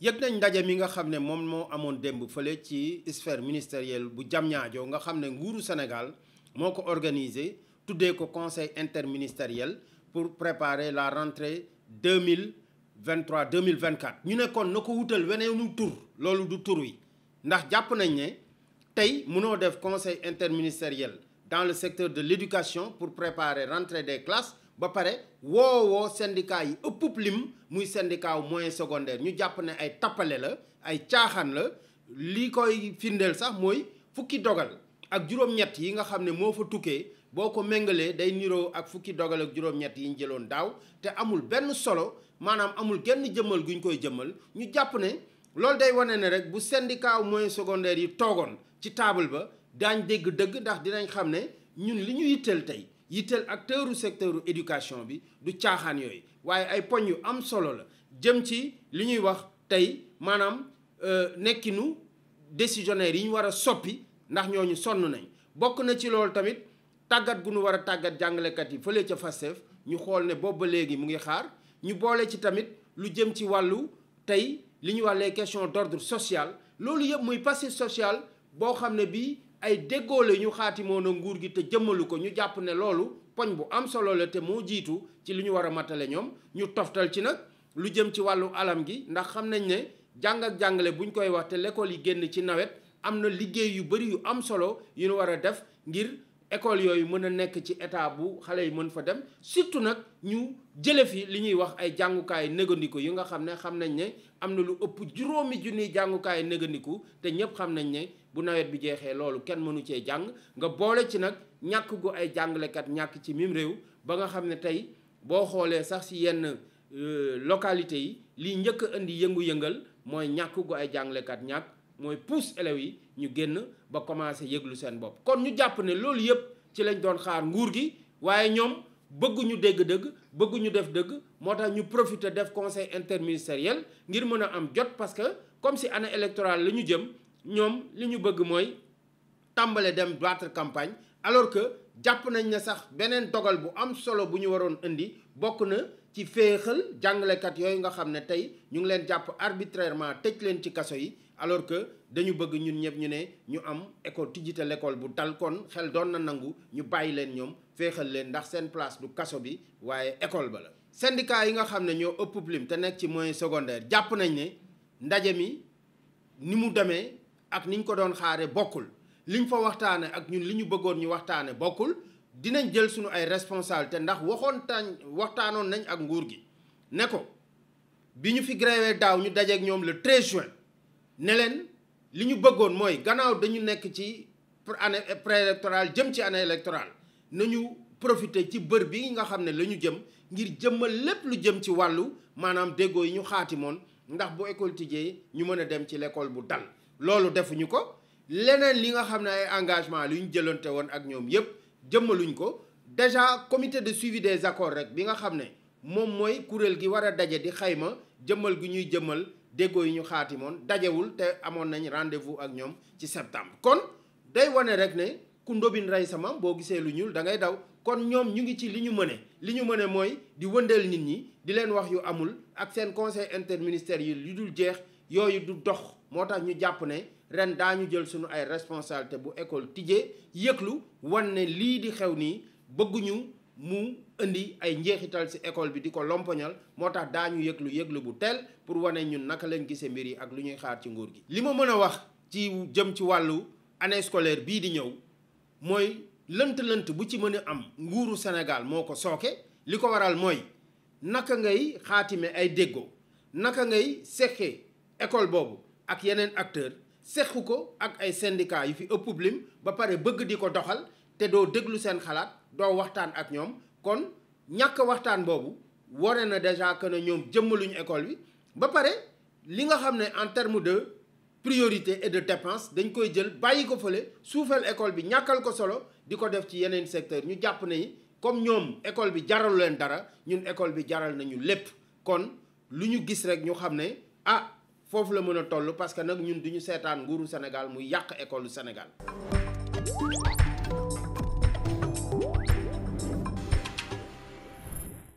yëg nañ ndaje mi nga xam ne moom moo amoon démb fële ci sphère ministérielle bu Diamniadio nga xam ne nguuru Sénégal moo ko organisé tuddee ko conseil interministériel pour préparer la rentrée 2023 2024 ñu nekkoon na ko wutal weneenu tur loolu du tur wi ndax jàpp nañ ne tey mënoo def conseil interministériel dans le secteur de l'éducation pour préparer rentrée des classes ba pare woowoo syndicat yi ëpp lim muy syndicat wu moyen secondaire ñu jàpp ne ay tappale la ay caaxaan la li koy findeel sax mooy fukki dogal ak juróom-ñett yi nga xam ne moo fa tukkee boo ko méngalee day niroo ak fukki dogal ak juróom-ñett yi ñu jëloon daaw te amul benn solo maanaam amul genn jëmmal guñ koy jëmmal ñu jàpp ne loolu day wane ne rek bu syndicat wu moyen secondaire yi toogoon ci table ba daañ dégg dëgg ndax dinañ xam ne ñun li ñu yitteel tey yitteel acteur u secteur éducation bi du caaxaan yooyu waaye ay poñ yu am solo la jëm ci li ñuy wax tey maanaam euh, nekkinu décisionnaire yi ñu war a soppi ndax ñooñu sonn nañ bokk na ci loolu tamit tàggat gu nu war a tàggat jàngalekat yi fële ca FASTEF ñu xool ne boobu ba léegi mu ngi xaar ñu boole ci tamit lu jëm ci wàllu tey li ñuy wax les questions d'ordre sociale loolu yëpp muy passé social boo xam ne bii ay déggoo la ñu xaatimoo na nguur gi te jëmmalu ko ñu jàpp ne loolu poñ bu am solo la te moo jiitu ci li ñu war a matale ñoom ñu toftal ci nag lu jëm ci wàllu alam gi ndax xam nañ ne jàng ak jàngale buñ koy wax te lekkool yi génn ci nawet am na liggéey yu bëri yu am solo yu ñu war a def ngir école yooyu mën a nekk ci état bu xale yi mën fa dem surtout nag ñu jële fi li ñuy wax ay jàngukaayu négandiku yi nga xam ne xam nañ ne am na lu ëpp juróomi junniy jàngukaayu négandiku te ñëpp xam nañ ne bu nawet bi jeexee loolu kenn mënu cee jàng nga boole ci nag ñàkk gu ay jàngalekat ñàkk ci mim réew ba nga xam ne tey boo xoolee sax si yenn euh, localité yi liy njëkk indi yëngu-yëngal mooy ñàkk gu ay jàngalekat ñàkk mooy pousse élèves yi ñu génn ba commencé yëglu seen bopp kon ñu jàpp ne loolu yëpp ci lañ doon xaar nguur gi waaye ñoom bëgguñu dégg-dëgg bëgguñu def dëgg moo tax ñu profiter def conseil interministériel ngir mën a am jot parce que comme si année électorale la ñu jëm ñoom li ñu bëgg mooy tàmbale dem battre campagne alors que jàpp nañ ne sax beneen dogal bu am solo bu ñu waroon indi bokk na ci féexal jàngalekat yooyu nga xam ne tey ñu ngi leen jàpp arbitrairement tëj leen ci kaso yi alors que dañu bëgg ñun ñëpp ñu ne ñu am école tijjite l'école bu dal kon xel doon na nangu ñu bàyyi leen ñoom féexal leen ndax seen place du kaso bi waaye école ba la. syndicat yi nga xam ne ñoo ëpp lim te nekk ci moyen secondaire jàpp nañ ne ndaje mi ni mu demee ak ni ñu ko doon xaare bokkul liñ fa waxtaane ak ñun li ñu bëggoon ñu waxtaane bokkul dinañ jël suñu ay responsabilité ndax waxoon tañ waxtaanoon nañ ak nguur gi ne ko bi ñu fi gréwee daaw ñu dajeeg ñoom le 13 juin. ne leen li ñu bëggoon mooy gannaaw dañu nekk ci année eh, préélectorale jëm ci année électorale nañu profité ci bër bi nga xam ne la ñu jëm ngir jëmmal lépp lu jëm ci wàllu maanaam déggoo yi ñu xaatimoon ndax bu école tijjee ñu mën a dem ci l'école bu dal loolu defuñu ko leneen li nga xam ne ay engagement lu ñu jëlante woon ak ñoom yépp jëmmaluñ ko déjà comité de suivi des accords rek bi nga xam ne moom mooy kuréel gi war a daje di xayma jëmmal gu ñuy jëmmal déggoo yi ñu xaatimoon dajewul te amoon nañ rendez-vous ak ñoom ci septembre kon day wane rek ne ku ndóbin rey sama boo gisee lu ñuul da ngay daw kon ñoom ñu ngi ci li ñu mëne li ñu mëne mooy di wëndeel nit ñi di leen wax yu amul ak seen conseil yi lu dul jeex yooyu du dox moo tax ñu jàpp ne ren daa ñu jël suñu ay responsabilité bu école tijjee yëglu wan ne lii di xew nii bëgguñu mu indi ay njeexital ci école bi di ko lompoñal moo tax daañu yëglu yëglu bu teel pour wane ñun naka lañ gisee mbir yi ak lu ñuy xaar ci nguur gi. li ma mën a wax ci jëm ci wàllu année scolaire bii di ñëw mooy lënt-lënt bu ci mën a am nguuru senegal moo ko sooke li ko waral mooy naka ngay xaatime ay déggoo naka ngay seqe école boobu ak yeneen acteur seq ko ak ay syndicats yu fi ëpp lim ba pare bëgg di ko doxal. te doo déglu seen xalaat doo waxtaan ak ñoom kon ñàkk waxtaan boobu wone na déjà que ne ñoom jëmmaluñu école bi ba pare li nga xam ne en terme de priorité et de dépense dañ koy jël bàyyi ko fële suufal école bi ñàkkal ko solo di ko def ci yeneen secteur ñu jàpp ne comme ñoom école bi jaralu leen dara ñun école bi jaral nañu lépp kon lu ñu gis rek ñu xam ne ah foofu la mën a toll parce que nag ñun du ñu seetaan nguuru Sénégal mu yàq école Sénégal